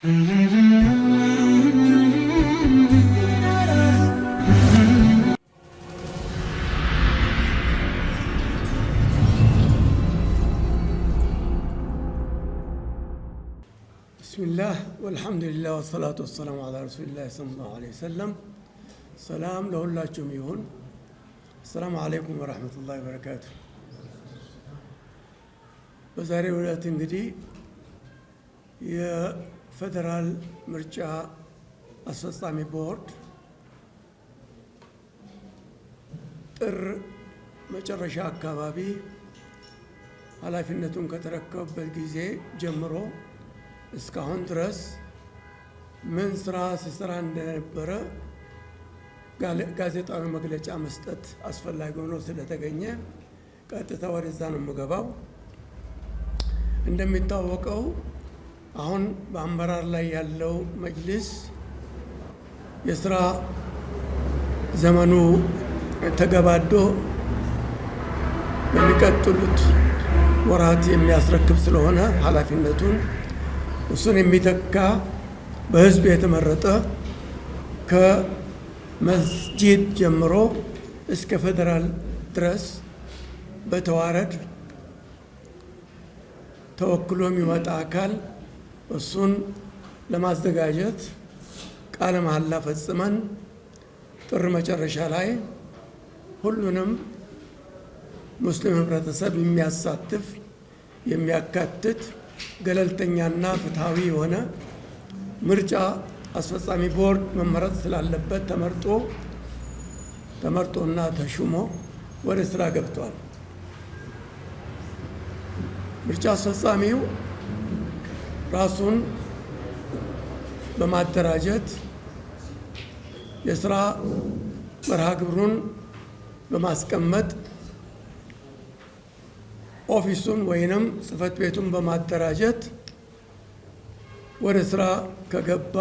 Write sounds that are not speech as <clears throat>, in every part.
بسم الله والحمد لله والصلاة والسلام على رسول الله صلى الله عليه وسلم ሰላም السلام عليكم ورحمة الله وبركاته بزاري በዛሬው ዕለት يا ፌዴራል ምርጫ አስፈጻሚ ቦርድ ጥር መጨረሻ አካባቢ ኃላፊነቱን ከተረከበበት ጊዜ ጀምሮ እስካሁን ድረስ ምን ስራ ሲሰራ እንደነበረ ጋዜጣዊ መግለጫ መስጠት አስፈላጊ ሆኖ ስለተገኘ ቀጥታ ወደዛ ነው የምገባው። እንደሚታወቀው አሁን በአመራር ላይ ያለው መጅልስ የስራ ዘመኑ ተገባዶ በሚቀጥሉት ወራት የሚያስረክብ ስለሆነ ኃላፊነቱን እሱን የሚተካ በህዝብ የተመረጠ ከመስጂድ ጀምሮ እስከ ፌዴራል ድረስ በተዋረድ ተወክሎ የሚመጣ አካል እሱን ለማዘጋጀት ቃለ መሐላ ፈጽመን ጥር መጨረሻ ላይ ሁሉንም ሙስሊም ህብረተሰብ የሚያሳትፍ የሚያካትት ገለልተኛና ፍትሐዊ የሆነ ምርጫ አስፈጻሚ ቦርድ መመረጥ ስላለበት ተመርጦ ተመርጦና ተሹሞ ወደ ስራ ገብቷል። ምርጫ አስፈጻሚው ራሱን በማደራጀት የስራ መርሃ ግብሩን በማስቀመጥ ኦፊሱን ወይንም ጽህፈት ቤቱን በማደራጀት ወደ ስራ ከገባ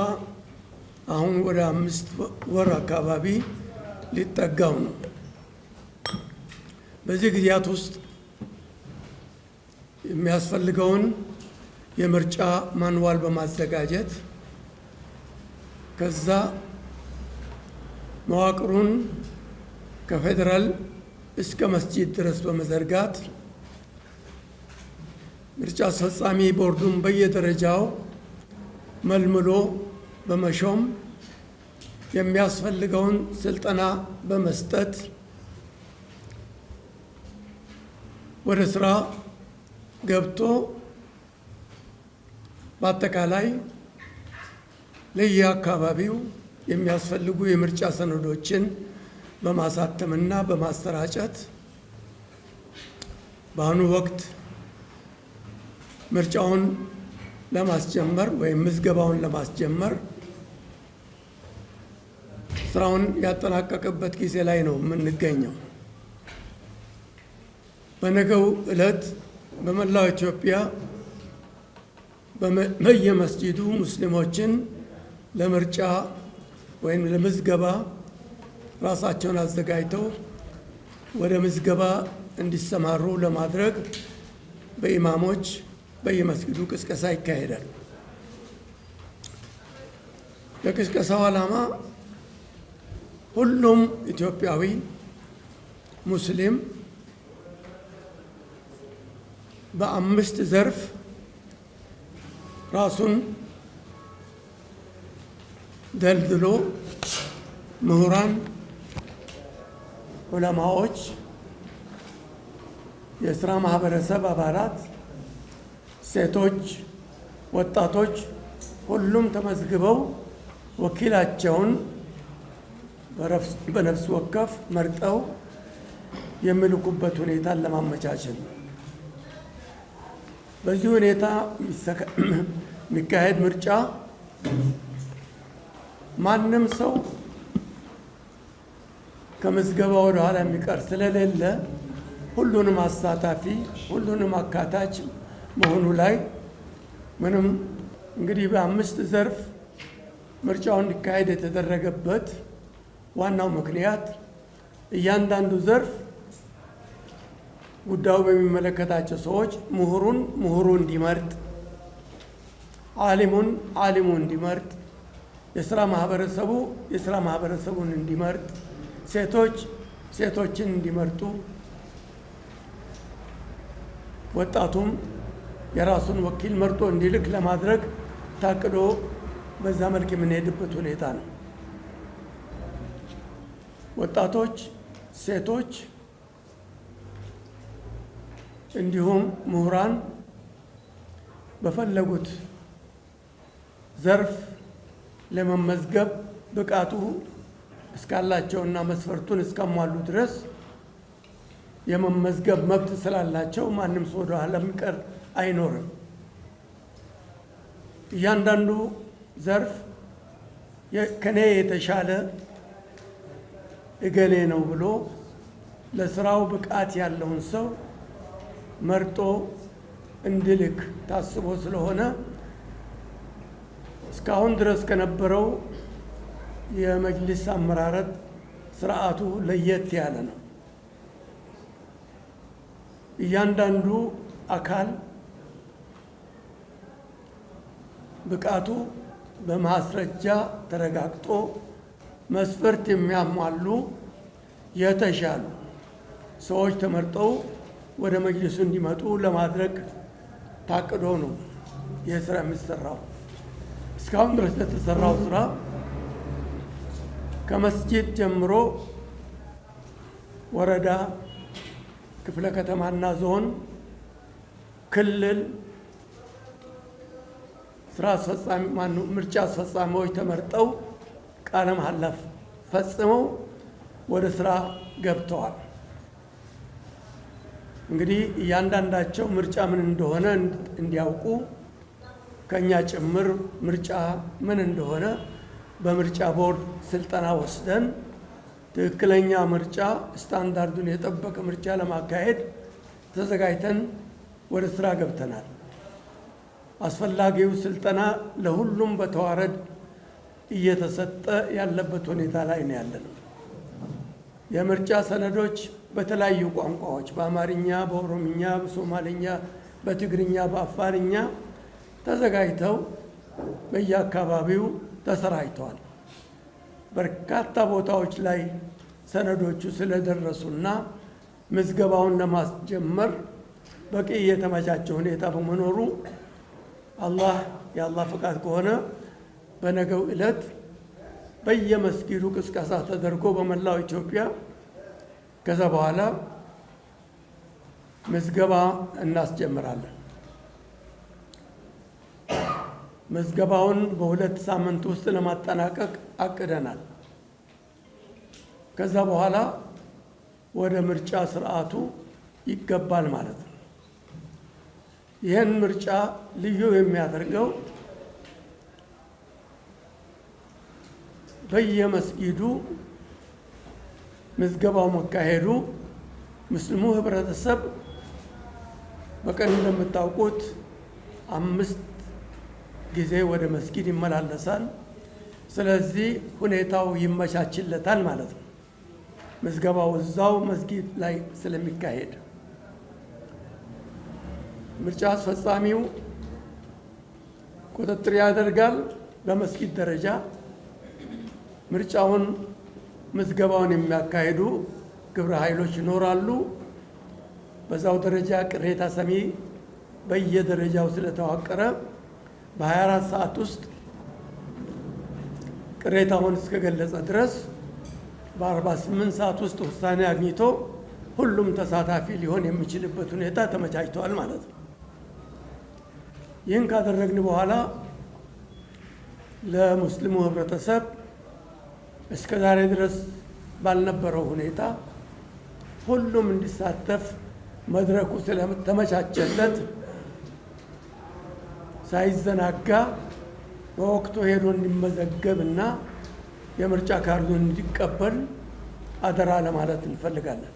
አሁን ወደ አምስት ወር አካባቢ ሊጠጋው ነው። በዚህ ጊዜያት ውስጥ የሚያስፈልገውን የምርጫ ማንዋል በማዘጋጀት ከዛ መዋቅሩን ከፌዴራል እስከ መስጂድ ድረስ በመዘርጋት ምርጫ አስፈጻሚ ቦርዱን በየደረጃው መልምሎ በመሾም የሚያስፈልገውን ስልጠና በመስጠት ወደ ስራ ገብቶ በአጠቃላይ ለየአካባቢው የሚያስፈልጉ የምርጫ ሰነዶችን በማሳተምና በማሰራጨት በአሁኑ ወቅት ምርጫውን ለማስጀመር ወይም ምዝገባውን ለማስጀመር ስራውን ያጠናቀቀበት ጊዜ ላይ ነው የምንገኘው። በነገው ዕለት በመላው ኢትዮጵያ በየመስጂዱ ሙስሊሞችን ለምርጫ ወይም ለምዝገባ ራሳቸውን አዘጋጅተው ወደ ምዝገባ እንዲሰማሩ ለማድረግ በኢማሞች በየመስጊዱ ቅስቀሳ ይካሄዳል። የቅስቀሳው ዓላማ ሁሉም ኢትዮጵያዊ ሙስሊም በአምስት ዘርፍ ራሱን ደልድሎ ምሁራን፣ ዑለማዎች፣ የስራ ማህበረሰብ አባላት፣ ሴቶች፣ ወጣቶች ሁሉም ተመዝግበው ወኪላቸውን በነፍስ ወከፍ መርጠው የሚልኩበት ሁኔታን ለማመቻቸት ነው። በዚህ ሁኔታ <clears throat> የሚካሄድ ምርጫ ማንም ሰው ከምዝገባ ወደ ኋላ የሚቀር ስለሌለ ሁሉንም አሳታፊ ሁሉንም አካታች መሆኑ ላይ ምንም እንግዲህ በአምስት ዘርፍ ምርጫው እንዲካሄድ የተደረገበት ዋናው ምክንያት እያንዳንዱ ዘርፍ ጉዳዩ በሚመለከታቸው ሰዎች ምሁሩን ምሁሩ እንዲመርጥ፣ አሊሙን አሊሙ እንዲመርጥ፣ የስራ ማህበረሰቡ የስራ ማህበረሰቡን እንዲመርጥ፣ ሴቶች ሴቶችን እንዲመርጡ፣ ወጣቱም የራሱን ወኪል መርጦ እንዲልክ ለማድረግ ታቅዶ በዛ መልክ የምንሄድበት ሁኔታ ነው። ወጣቶች፣ ሴቶች እንዲሁም ምሁራን በፈለጉት ዘርፍ ለመመዝገብ ብቃቱ እስካላቸውና መስፈርቱን እስካሟሉ ድረስ የመመዝገብ መብት ስላላቸው ማንም ሰው ወደኋላ የሚቀር አይኖርም። እያንዳንዱ ዘርፍ ከኔ የተሻለ እገሌ ነው ብሎ ለስራው ብቃት ያለውን ሰው መርጦ እንዲልክ ታስቦ ስለሆነ እስካሁን ድረስ ከነበረው የመጅሊስ አመራረት ስርዓቱ ለየት ያለ ነው። እያንዳንዱ አካል ብቃቱ በማስረጃ ተረጋግጦ መስፈርት የሚያሟሉ የተሻሉ ሰዎች ተመርጠው ወደ መጅልሱ እንዲመጡ ለማድረግ ታቅዶ ነው ይህ ስራ የሚሰራው። እስካሁን ድረስ ለተሰራው ስራ ከመስጂድ ጀምሮ ወረዳ፣ ክፍለ ከተማና ዞን፣ ክልል ስራ አስፈጻሚ ማኑ ምርጫ አስፈጻሚዎች ተመርጠው ቃለ መሐላ ፈጽመው ወደ ስራ ገብተዋል። እንግዲህ እያንዳንዳቸው ምርጫ ምን እንደሆነ እንዲያውቁ ከእኛ ጭምር ምርጫ ምን እንደሆነ በምርጫ ቦርድ ስልጠና ወስደን ትክክለኛ ምርጫ ስታንዳርዱን የጠበቀ ምርጫ ለማካሄድ ተዘጋጅተን ወደ ስራ ገብተናል። አስፈላጊው ስልጠና ለሁሉም በተዋረድ እየተሰጠ ያለበት ሁኔታ ላይ ነው ያለነው። የምርጫ ሰነዶች በተለያዩ ቋንቋዎች በአማርኛ፣ በኦሮምኛ፣ በሶማሌኛ፣ በትግርኛ፣ በአፋርኛ ተዘጋጅተው በየአካባቢው ተሰራጭተዋል። በርካታ ቦታዎች ላይ ሰነዶቹ ስለደረሱና ምዝገባውን ለማስጀመር በቂ የተመቻቸ ሁኔታ በመኖሩ አላህ የአላህ ፈቃድ ከሆነ በነገው ዕለት በየመስጊዱ ቅስቀሳ ተደርጎ በመላው ኢትዮጵያ ከዛ በኋላ ምዝገባ እናስጀምራለን። ምዝገባውን በሁለት ሳምንት ውስጥ ለማጠናቀቅ አቅደናል። ከዛ በኋላ ወደ ምርጫ ስርዓቱ ይገባል ማለት ነው። ይህን ምርጫ ልዩ የሚያደርገው በየመስጊዱ ምዝገባው መካሄዱ ሙስሊሙ ህብረተሰብ በቀን እንደምታውቁት አምስት ጊዜ ወደ መስጊድ ይመላለሳል። ስለዚህ ሁኔታው ይመቻችለታል ማለት ነው። ምዝገባው እዛው መስጊድ ላይ ስለሚካሄድ ምርጫ አስፈጻሚው ቁጥጥር ያደርጋል። በመስጊድ ደረጃ ምርጫውን ምዝገባውን የሚያካሂዱ ግብረ ኃይሎች ይኖራሉ። በዛው ደረጃ ቅሬታ ሰሚ በየደረጃው ስለተዋቀረ በ24 ሰዓት ውስጥ ቅሬታውን እስከገለጸ ድረስ በ48 ሰዓት ውስጥ ውሳኔ አግኝቶ ሁሉም ተሳታፊ ሊሆን የሚችልበት ሁኔታ ተመቻችተዋል ማለት ነው። ይህን ካደረግን በኋላ ለሙስሊሙ ህብረተሰብ እስከ ዛሬ ድረስ ባልነበረው ሁኔታ ሁሉም እንዲሳተፍ መድረኩ ስለተመቻቸለት ሳይዘናጋ በወቅቱ ሄዶ እንዲመዘገብ እና የምርጫ ካርዱን እንዲቀበል አደራ ለማለት እንፈልጋለን።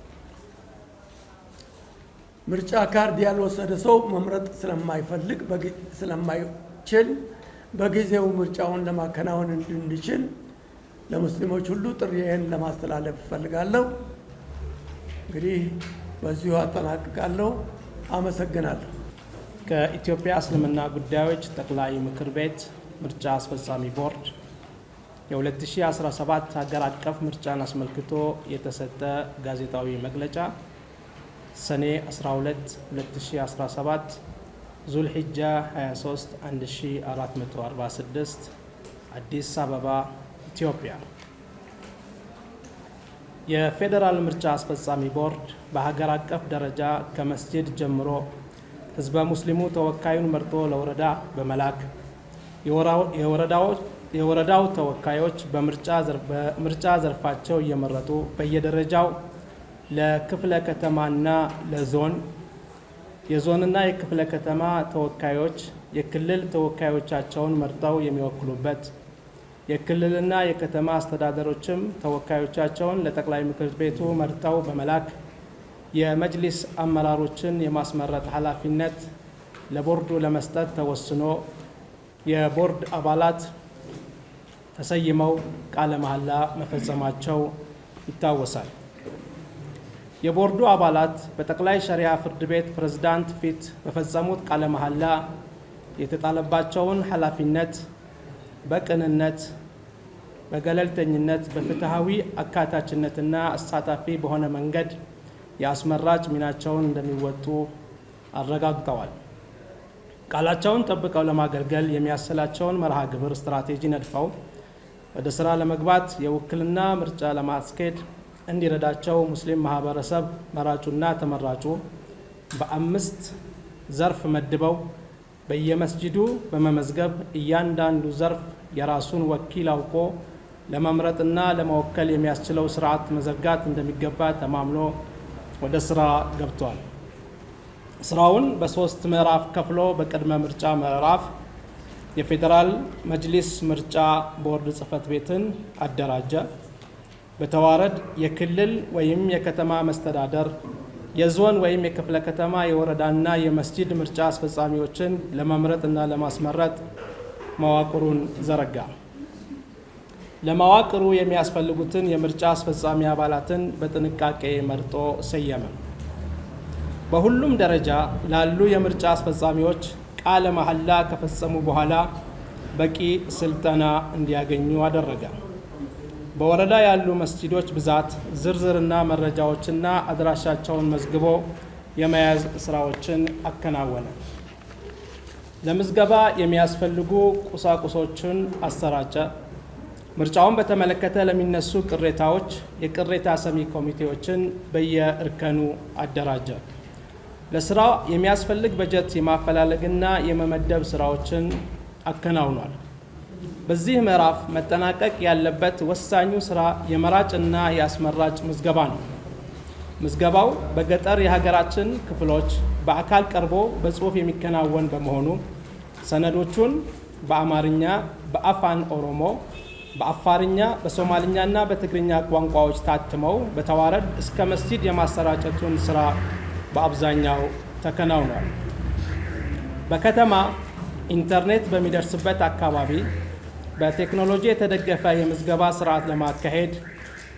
ምርጫ ካርድ ያልወሰደ ሰው መምረጥ ስለማይፈልግ ስለማይችል በጊዜው ምርጫውን ለማከናወን እንድንችል ለሙስሊሞች ሁሉ ጥሪዬን ለማስተላለፍ እፈልጋለሁ። እንግዲህ በዚሁ አጠናቅቃለሁ። አመሰግናለሁ። ከኢትዮጵያ እስልምና ጉዳዮች ጠቅላይ ምክር ቤት ምርጫ አስፈጻሚ ቦርድ የ2017 ሀገር አቀፍ ምርጫን አስመልክቶ የተሰጠ ጋዜጣዊ መግለጫ ሰኔ 12 2017 ዙልሒጃ 23 1446 አዲስ አበባ ኢትዮጵያ የፌዴራል ምርጫ አስፈጻሚ ቦርድ በሀገር አቀፍ ደረጃ ከመስጅድ ጀምሮ ህዝበ ሙስሊሙ ተወካዩን መርጦ ለወረዳ በመላክ የወረዳው ተወካዮች በምርጫ ዘርፋቸው እየመረጡ በየደረጃው ለክፍለ ከተማና ለዞን የዞንና የክፍለ ከተማ ተወካዮች የክልል ተወካዮቻቸውን መርጠው የሚወክሉበት የክልልና የከተማ አስተዳደሮችም ተወካዮቻቸውን ለጠቅላይ ምክር ቤቱ መርጠው በመላክ የመጅሊስ አመራሮችን የማስመረጥ ኃላፊነት ለቦርዱ ለመስጠት ተወስኖ የቦርድ አባላት ተሰይመው ቃለ መሐላ መፈጸማቸው ይታወሳል። የቦርዱ አባላት በጠቅላይ ሸሪያ ፍርድ ቤት ፕሬዝዳንት ፊት በፈጸሙት ቃለ መሐላ የተጣለባቸውን ኃላፊነት በቅንነት በገለልተኝነት በፍትሐዊ አካታችነትና አሳታፊ በሆነ መንገድ የአስመራጭ ሚናቸውን እንደሚወጡ አረጋግጠዋል። ቃላቸውን ጠብቀው ለማገልገል የሚያስችላቸውን መርሃ ግብር ስትራቴጂ ነድፈው ወደ ስራ ለመግባት የውክልና ምርጫ ለማስኬድ እንዲረዳቸው ሙስሊም ማህበረሰብ መራጩና ተመራጩ በአምስት ዘርፍ መድበው በየመስጅዱ በመመዝገብ እያንዳንዱ ዘርፍ የራሱን ወኪል አውቆ ለመምረጥና ለመወከል የሚያስችለው ስርዓት መዘርጋት እንደሚገባ ተማምኖ ወደ ስራ ገብቷል። ስራውን በሶስት ምዕራፍ ከፍሎ በቅድመ ምርጫ ምዕራፍ የፌዴራል መጅሊስ ምርጫ ቦርድ ጽህፈት ቤትን አደራጀ። በተዋረድ የክልል ወይም የከተማ መስተዳደር የዞን ወይም የክፍለ ከተማ የወረዳና የመስጂድ ምርጫ አስፈጻሚዎችን እና ለማስመረጥ መዋቅሩን ዘረጋ። ለመዋቅሩ የሚያስፈልጉትን የምርጫ አስፈጻሚ አባላትን በጥንቃቄ መርጦ ሰየመ። በሁሉም ደረጃ ላሉ የምርጫ አስፈጻሚዎች ቃለ መሐላ ከፈጸሙ በኋላ በቂ ስልጠና እንዲያገኙ አደረገ። በወረዳ ያሉ መስጂዶች ብዛት ዝርዝርና መረጃዎችና አድራሻቸውን መዝግቦ የመያዝ ስራዎችን አከናወነ። ለምዝገባ የሚያስፈልጉ ቁሳቁሶችን አሰራጨ። ምርጫውን በተመለከተ ለሚነሱ ቅሬታዎች የቅሬታ ሰሚ ኮሚቴዎችን በየእርከኑ አደራጀ። ለስራ የሚያስፈልግ በጀት የማፈላለግና የመመደብ ስራዎችን አከናውኗል። በዚህ ምዕራፍ መጠናቀቅ ያለበት ወሳኙ ስራ የመራጭና የአስመራጭ ምዝገባ ነው። ምዝገባው በገጠር የሀገራችን ክፍሎች በአካል ቀርቦ በጽሑፍ የሚከናወን በመሆኑ ሰነዶቹን በአማርኛ፣ በአፋን ኦሮሞ፣ በአፋርኛ፣ በሶማልኛና በትግርኛ ቋንቋዎች ታትመው በተዋረድ እስከ መስጂድ የማሰራጨቱን ስራ በአብዛኛው ተከናውኗል። በከተማ ኢንተርኔት በሚደርስበት አካባቢ በቴክኖሎጂ የተደገፈ የምዝገባ ስርዓት ለማካሄድ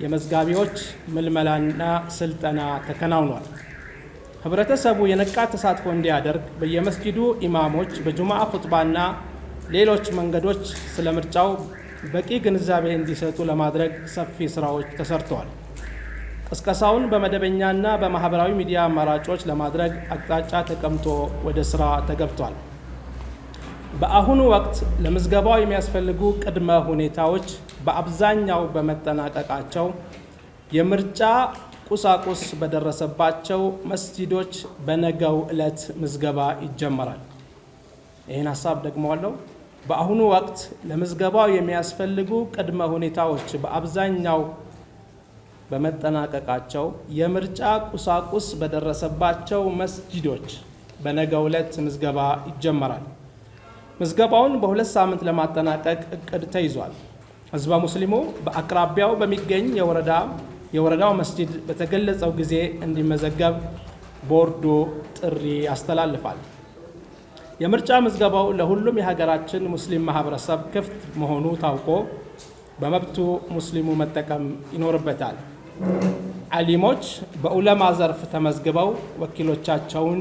የመዝጋቢዎች ምልመላና ስልጠና ተከናውኗል። ህብረተሰቡ የነቃ ተሳትፎ እንዲያደርግ በየመስጊዱ ኢማሞች በጁምዓ ኹጥባና ሌሎች መንገዶች ስለ ምርጫው በቂ ግንዛቤ እንዲሰጡ ለማድረግ ሰፊ ስራዎች ተሰርተዋል። ቅስቀሳውን በመደበኛና በማህበራዊ ሚዲያ አማራጮች ለማድረግ አቅጣጫ ተቀምጦ ወደ ስራ ተገብቷል። በአሁኑ ወቅት ለምዝገባው የሚያስፈልጉ ቅድመ ሁኔታዎች በአብዛኛው በመጠናቀቃቸው የምርጫ ቁሳቁስ በደረሰባቸው መስጂዶች በነገው ዕለት ምዝገባ ይጀመራል። ይህን ሀሳብ ደግመዋለሁ። በአሁኑ ወቅት ለምዝገባው የሚያስፈልጉ ቅድመ ሁኔታዎች በአብዛኛው በመጠናቀቃቸው የምርጫ ቁሳቁስ በደረሰባቸው መስጂዶች በነገው ዕለት ምዝገባ ይጀመራል። ምዝገባውን በሁለት ሳምንት ለማጠናቀቅ እቅድ ተይዟል። ህዝበ ሙስሊሙ በአቅራቢያው በሚገኝ የወረዳ የወረዳው መስጂድ በተገለጸው ጊዜ እንዲመዘገብ ቦርዱ ጥሪ ያስተላልፋል። የምርጫ ምዝገባው ለሁሉም የሀገራችን ሙስሊም ማህበረሰብ ክፍት መሆኑ ታውቆ በመብቱ ሙስሊሙ መጠቀም ይኖርበታል። አሊሞች በዑለማ ዘርፍ ተመዝግበው ወኪሎቻቸውን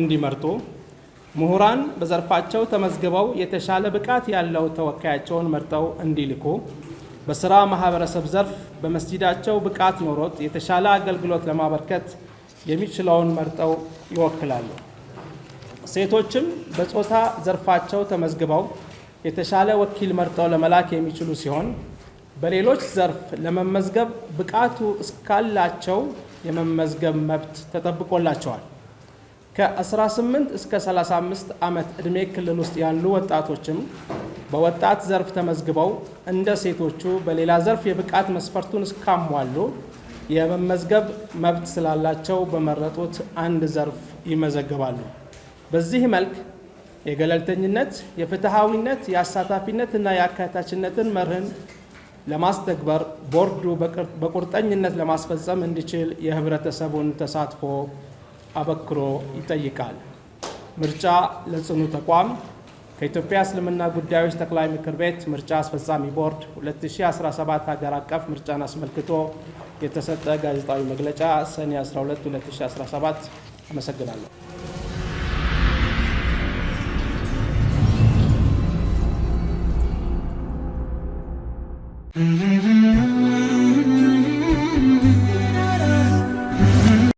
እንዲመርጡ ምሁራን በዘርፋቸው ተመዝግበው የተሻለ ብቃት ያለው ተወካያቸውን መርጠው እንዲልኩ፣ በስራ ማህበረሰብ ዘርፍ በመስጂዳቸው ብቃት ኖሮት የተሻለ አገልግሎት ለማበርከት የሚችለውን መርጠው ይወክላሉ። ሴቶችም በጾታ ዘርፋቸው ተመዝግበው የተሻለ ወኪል መርጠው ለመላክ የሚችሉ ሲሆን በሌሎች ዘርፍ ለመመዝገብ ብቃቱ እስካላቸው የመመዝገብ መብት ተጠብቆላቸዋል። ከ18 እስከ 35 ዓመት ዕድሜ ክልል ውስጥ ያሉ ወጣቶችም በወጣት ዘርፍ ተመዝግበው እንደ ሴቶቹ በሌላ ዘርፍ የብቃት መስፈርቱን እስካሟሉ የመመዝገብ መብት ስላላቸው በመረጡት አንድ ዘርፍ ይመዘገባሉ። በዚህ መልክ የገለልተኝነት፣ የፍትሐዊነት፣ የአሳታፊነት እና የአካታችነትን መርህን ለማስተግበር ቦርዱ በቁርጠኝነት ለማስፈጸም እንዲችል የህብረተሰቡን ተሳትፎ አበክሮ ይጠይቃል። ምርጫ ለጽኑ ተቋም ከኢትዮጵያ እስልምና ጉዳዮች ጠቅላይ ምክር ቤት ምርጫ አስፈጻሚ ቦርድ 2017 ሀገር አቀፍ ምርጫን አስመልክቶ የተሰጠ ጋዜጣዊ መግለጫ ሰኔ 12 2017። አመሰግናለሁ። Mm-hmm.